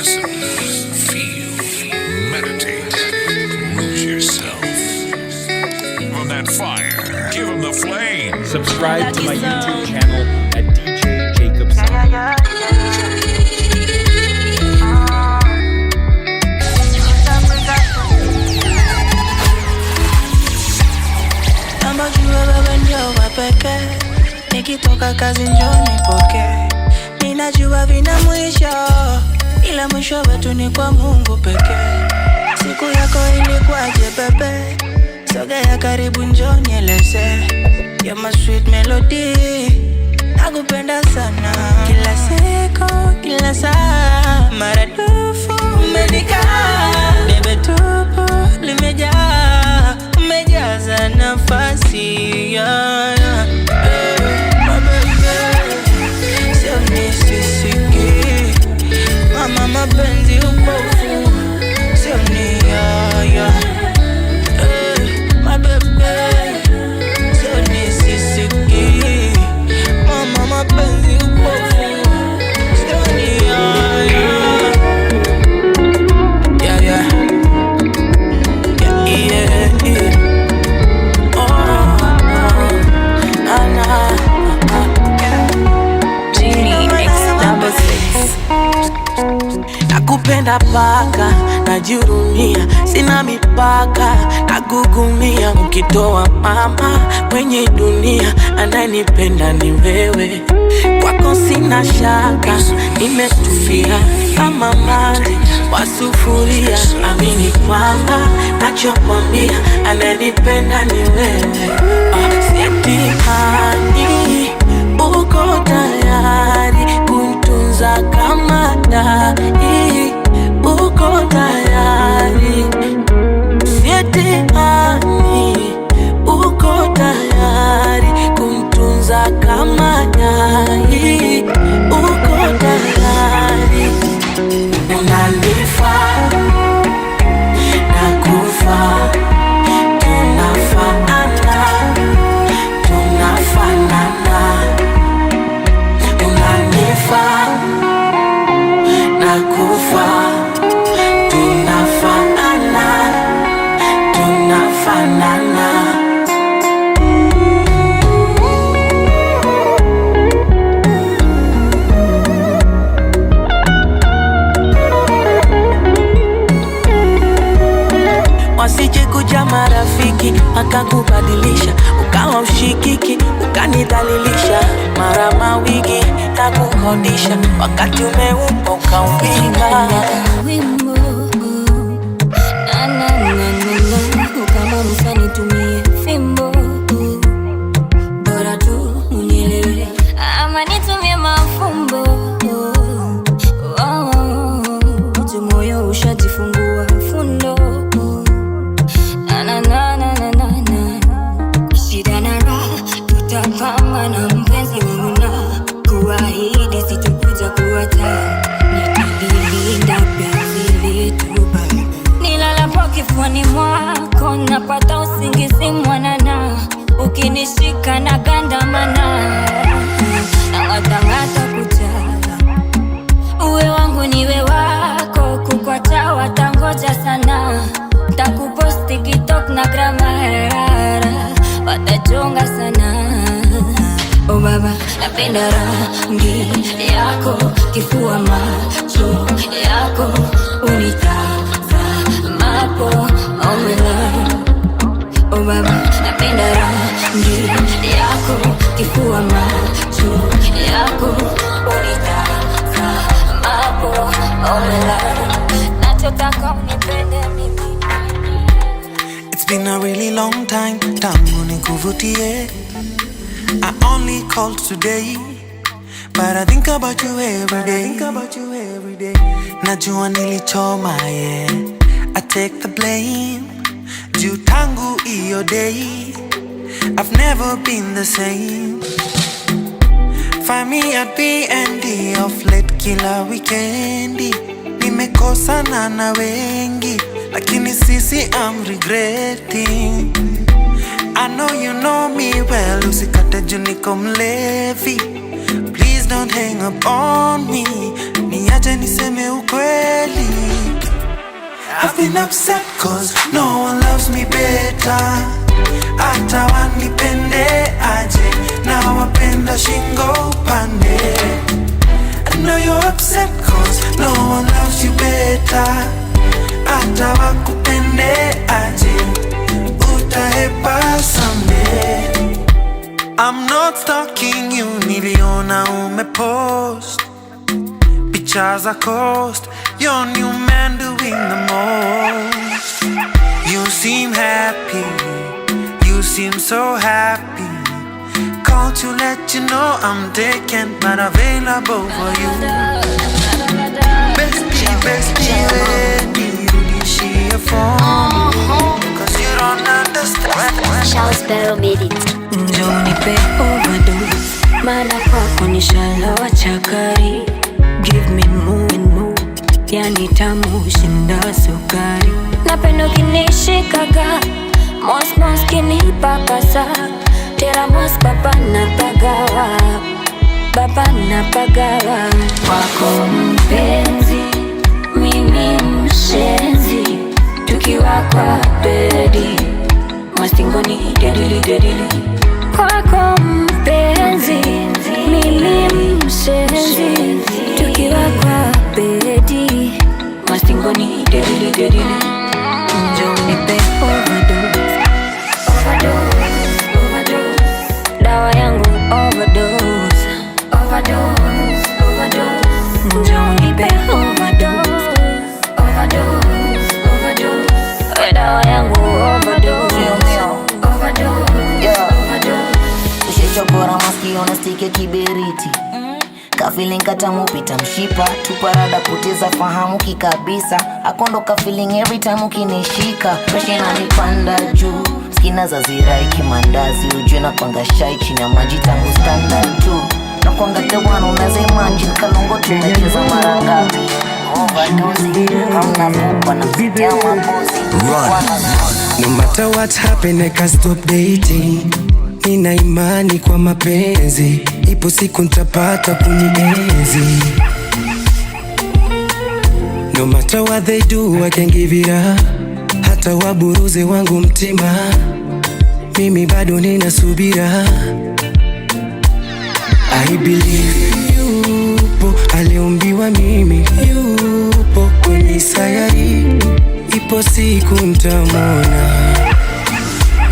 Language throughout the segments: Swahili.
Listen, feel, meditate, Lose yourself. Give that fire. Give them the flame. Subscribe to my YouTube channel at DJ Jacobs. Yeah, yeah, yeah, nikitoka kazi njoni poke, ninajua vina mwisho ila mwisho wetu ni kwa Mungu pekee. Siku yako ilikuwaje bebe? Sogea karibu, njoo nieleze. Ya my sweet melody, nakupenda sana, kila siku, kila saa, maradufu umenikaa Ukitoa mama kwenye dunia, anayenipenda ni wewe. Kwako sina shaka, nimetulia kama mali wa sufuria. Amini kwamba nachokwambia, anayenipenda ni wewe. Ah, Siatimani uko tayari kuntunza kama dai, uko tayari tayari kumtunza kama nyai, uko tayari kubadilisha, ukawa mshikiki, ukanidhalilisha, mara mawigi na kukodisha, wakati umeupa ukaumbika kuwa macho yako unitaka mapo omela nachotaka unipende mimi been a really long time tangu nikuvutie I only called today But I think about you every day. I think about you every day. Najua nilichoma yeah. I take the blame. Juu tangu iyo day. I've never been the same. Find me at BND of late kila weekendi. Nimekosana na wengi lakini sisi I'm regretting. I know you know me well, usikate juu niko mlevi. Please don't hang up on me, niache niseme ukweli. I've been upset cause no one loves me better. Hata wanipende aje na wapenda shingo upande. I know you're upset cause no one loves you better. Hata wakupende aje, utahepa someday. I'm not stalking you, niliona umepost picha za coast, your new man doing the most. You seem happy, you seem so happy Call to let you know I'm taken, not available for you. Bestie, bestie, ready, urudishie phone Cause you don't understand Shall sparrow made it Njoo nipe overdose Mara kwako nishalawa chakari Give me more and more Yani tamu shinda sukari Napenda ukinishikaga Mos kinipapasa Teramos papa na pagawa, papa na pagawa. Wako mpenzi, mimi mshenzi, tukiwa kwa bedi mastingoni dedili dedili. Kwako mpenzi, mimi mshenzi, tukiwa kwa bedi mastingoni dedili dedili. tamu pita mshipa tuparada poteza fahamu kikabisa akondoka feeling every time ukinishika presha inanipanda juu skina za zirai kimandazi ujue na kwanga shai chini ya maji tangu standa tu na kwanga tewana unaweza imagine kalongo tumecheza mara ngapi No matter what happen, I can't stop dating. Nina imani kwa mapenzi ipo siku ntapata kunienzi. No matter what they do, I can give it up. Hata waburuze wangu mtima, mimi bado nina subira. I believe yupo aliumbiwa mimi, yupo kwenye sayari, ipo siku ntamona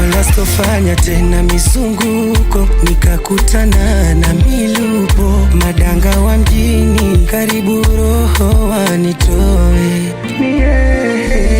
wala sitofanya tena mizunguko, nikakutana na milupo madanga wa mjini, karibu roho wanitoe, yeah.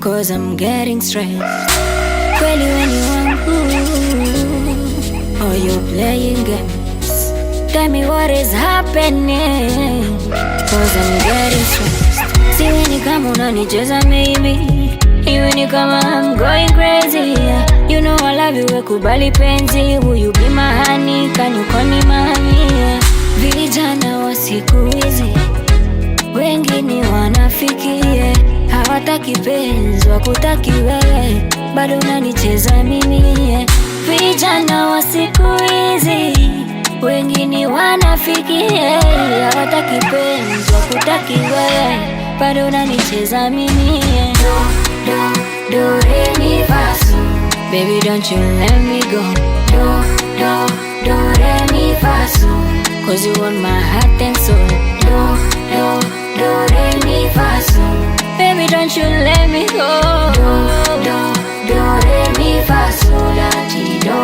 Cause I'm getting stressed. when you want to or you're playing games? Tell me what is happening. Cause I'm getting stressed. Siwe ni kama unanicheza maybe, iwe ni kama I'm going crazy. You know I love you, wekubali penzi. Will you be my honey? Can you call me my honey? Vijana wa siku hizi wengi ni wanafiki wataki penzi, wakutaki wewe, bado unanicheza mimi. Vijana wa siku hizi wengine wanafikie, hawataki penzi, wakutaki wewe, bado unanicheza mimi. Do, do, do, re, mi, fa, so. Baby don't you let me go. Do, do, do, re, mi, fa, so. Cause you want my heart and soul. Do, do, do, re, mi, fa, so. Baby, don't you let me go. Do, do, do, re, mi, fa, sol, la, ti, do.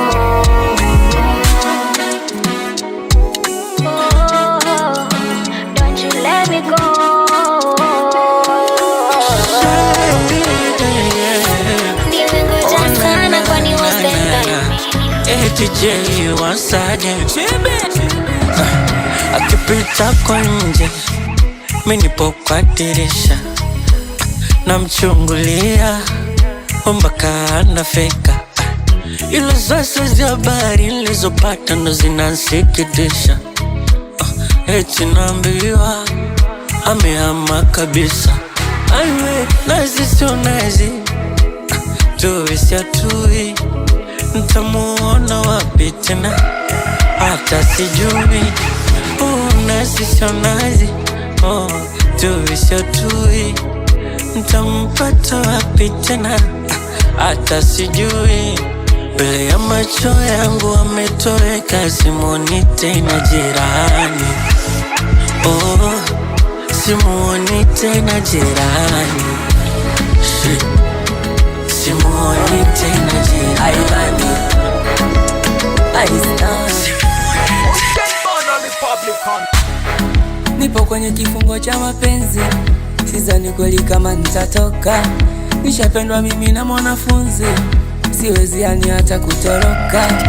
Akipita kwa nje, mimi kwa dirisha namchungulia mpaka anafika. Ilo sasa za habari nilizopata ndo zinasikitisha. Uh, ah, eti naambiwa ameama kabisa. anwe nazi sio nazi, uh, ah, tuwe ntamuona wapi tena? Hata sijui. Uh, nazi sio nazi, oh, tuwe ntampata wapi tena? Hata sijui mbele ya macho yangu ametoweka, simuoni tena jirani. Oh, simuoni tena jirani, simuoni tena jirani. Nipo kwenye kifungo cha mapenzi ni kweli kama nitatoka, nishapendwa mimi na mwanafunzi, siwezi yani hata kutoroka.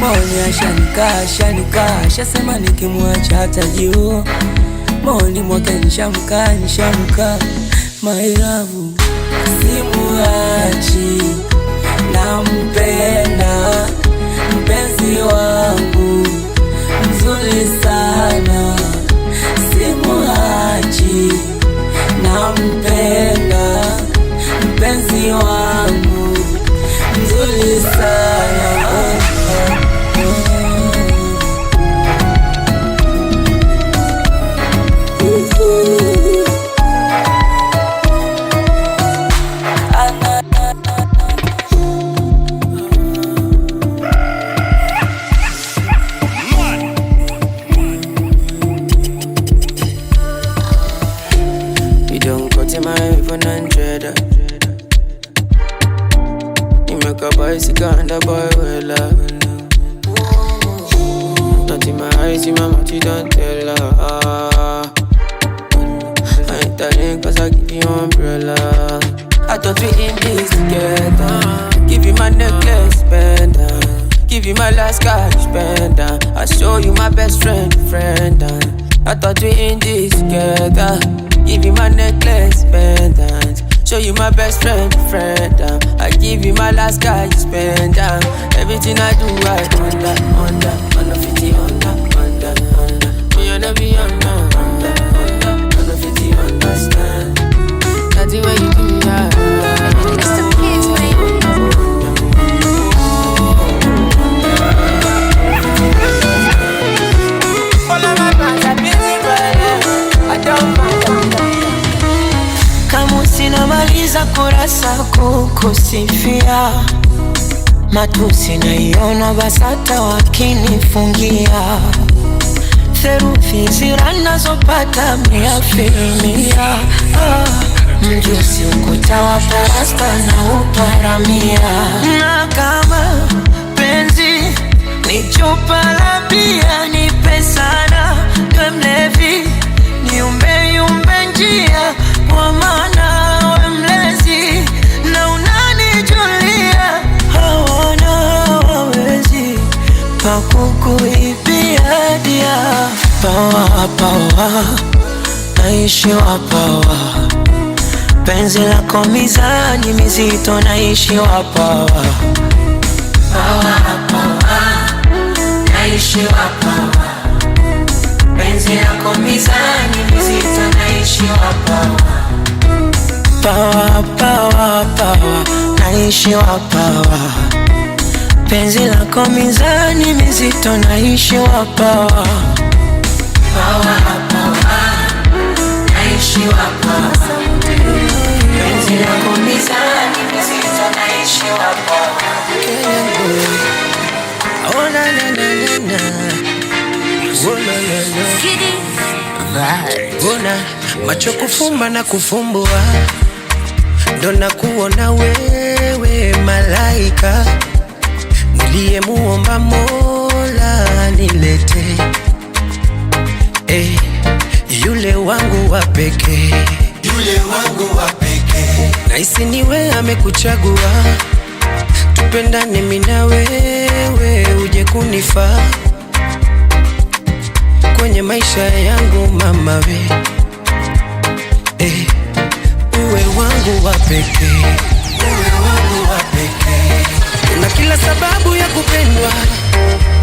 Maoni ashanikaa shanikaa, ashasema nikimwacha hata juu maoni mwake nishamkaa nishamkaa. My love simuachi, nampenda mpenzi wa I give you umbrella. I thought we in this together. Give you my necklace, pendant. Give you my last cash, pendant. I show you my best friend, friend. I thought we in this together. Give you my necklace, pendant. Show you my best friend, friend. Uh. I give you my last guy, you spend. Uh. Everything I do, I wonder, wonder. kurasa kukusifia, matusi naiona, basata hata wakinifungia theruthi ziranazopata nazopata mia filmia ah, mjusi ukuta wa parasta na uparamia, na kama penzi ni chupa la bia, ni pesana kwe mlevi, niumbeyumbe njia kwa maana kukuibia dia pawa pawa, naishiwa pawa, penzi lako mizani mizito, naishiwa pawa pawa pawa, naishiwa pawa, naishiwa pawa pawa pawa pawa, naishiwa pawa penzi lako mizani mizito, naishi wapawa Bona macho kufumba na kufumbua, ndo nakuona wewe malaika Aliyemuomba Mola nilete, eh, yule wangu wa pekee, yule wangu wa pekee, naisi niwe amekuchagua tupendane, mimi na wewe uje kunifaa kwenye maisha yangu mama we, eh, uwe wangu wa pekee, uwe wangu wa pekee na kila sababu ya kupendwa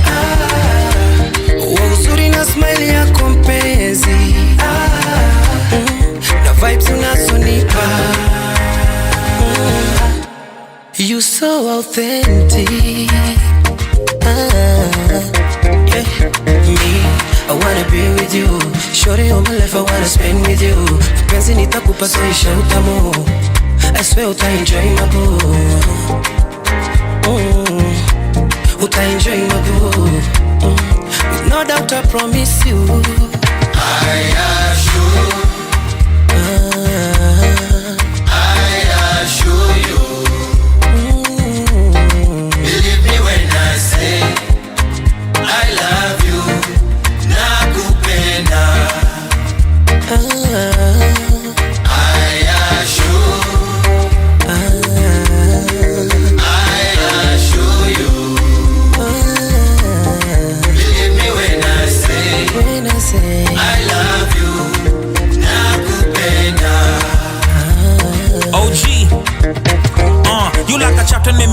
wa ah, uzuri na smile yako mpenzi ah, mm, na vibes unazonipa mm, you so authentic ah, yeah. Me I wanna be with you Shorty all my life I wanna spend with you Penzi nitakupa soisha utamu I swear uta enjoy my boo Oh, mm, utaenjoy mabuu mm, with no doubt I promise you I assure uh.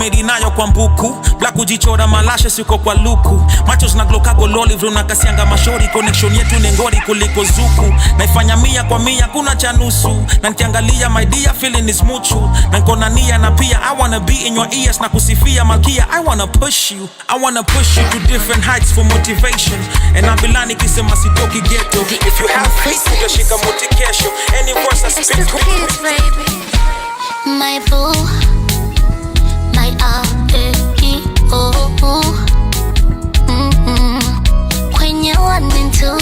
medi nayo kwa mbuku bla kujichora malashe siko kwa luku machos macho zinaglokago loli vruna kasianga mashori connection yetu ni ngori kuliko zuku naifanya mia kwa mia kuna cha nusu na nikiangalia my dear feeling is mutual na nkona nia na pia I wanna be in your ears na kusifia malkia I wanna push you I wanna push you to different heights for motivation and abilani kisema sitoki ghetto if you have faith utashika muti kesho any words I speak baby my boo Mm-hmm. kwenye one and two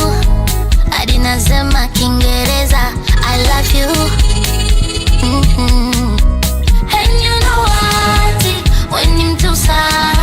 hadi I love you mm -hmm. And you know what when ni mtu sana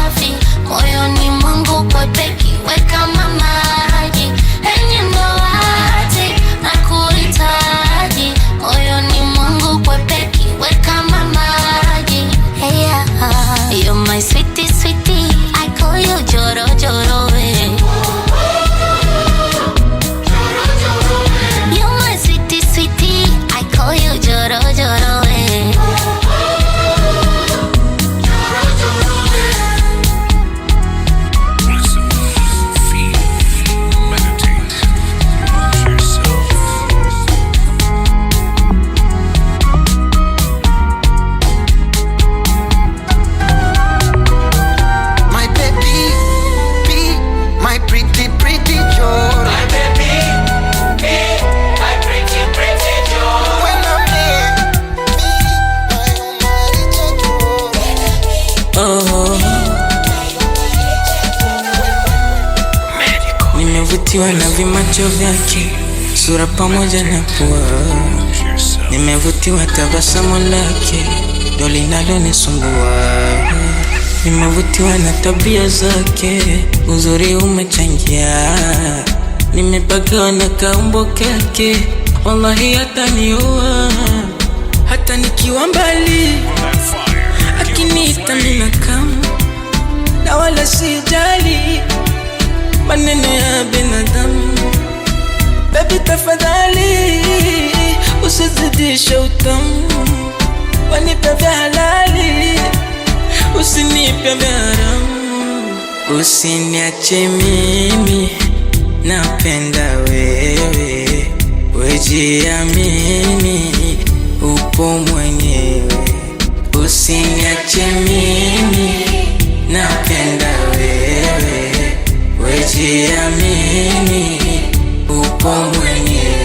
Vicho vyake sura pamoja na pua, nimevutiwa tabasamu lake ndo linalonisumbua. Nimevutiwa na tabia zake, uzuri umechangia. Nimepagawa na kaumbo kake, wallahi hataniua hata nikiwa mbali, akiniita minakam na wala sijali maneno ya binadamu Baby tafadhali usizidishe utamu, wanipe vya halali, usinipe vya haramu. Usiniache mimi, napenda wewe, wejiamini, upo mwenyewe. Usiniache mimi, napenda wewe, wejiamini wako mwenyewe.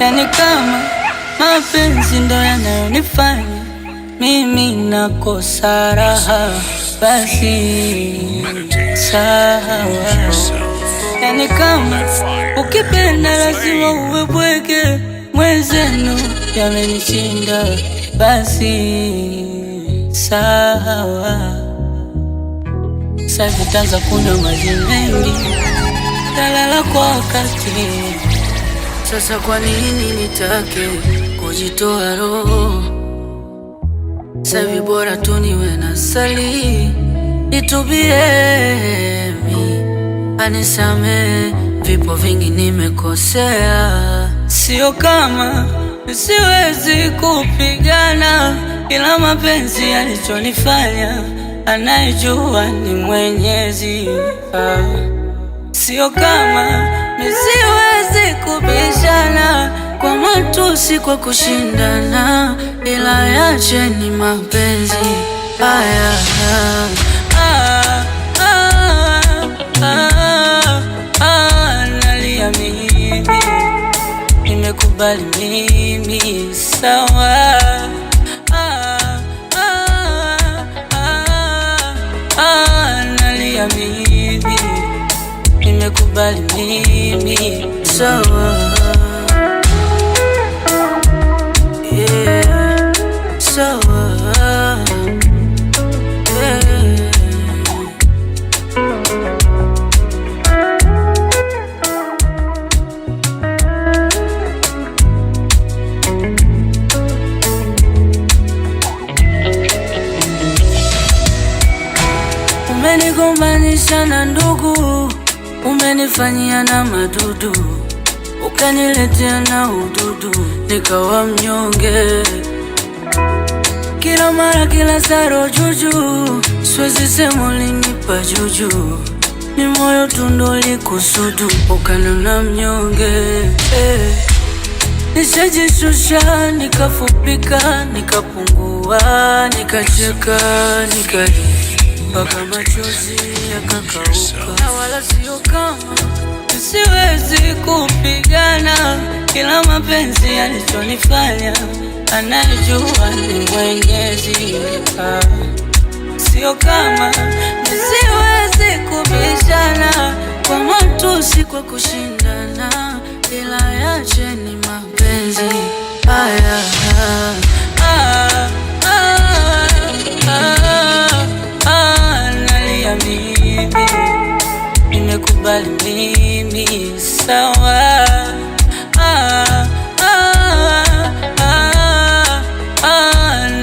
Yani kama mapenzi ndo yanayonifanya mimi nakosa raha, basi sawa. Yani kama ukipenda lazima uwe bweke, mwenzenu yamenishinda, basi sawa. Sasa tanza kunywa maji mengi, talala kwa wakati. Sasa kwa nini nitake kujitoa roho Sevi bora tu niwe na sali nitubie mi anisame vipo vingi nimekosea, sio kama siwezi kupigana, kila mapenzi alichonifanya anayejua ni Mwenyezi ah. Sio kama nisiwezi kubishana kwa matusi, kwa kushindana, ila ni mapenzi haya ah, ah, ah, Nimekubali mimi sawa, ah, ah, ah, ah, ah, mimi unikubali mimi so, Umenigombanisha na ndugu umenifanyia na madudu, ukaniletea na ududu, nikawa mnyonge kila mara, kila saro juju, siwezi sema ulinipa juju, ni moyo tundo likusudu, ukanona mnyonge eh. Nishajishusha, nikafupika, nikapungua, nikacheka, nikali mpaka machozi yakakauka, wala sio kama siwezi kupigana, kila mapenzi alichonifanya anajua ni Mwenyezi. Sio kama siwezi kubishana kwa matusi, kwa kushindana, ila ni mapenzi haya bali mimi sawa.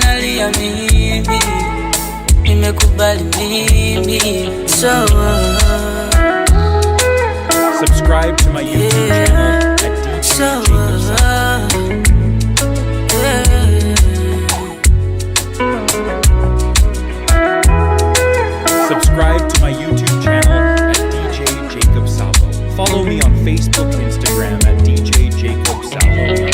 nalia mimi nimekubali mimi sawa. Subscribe to my YouTube channel Follow me on Facebook and Instagram at DJ Jacob Salvo.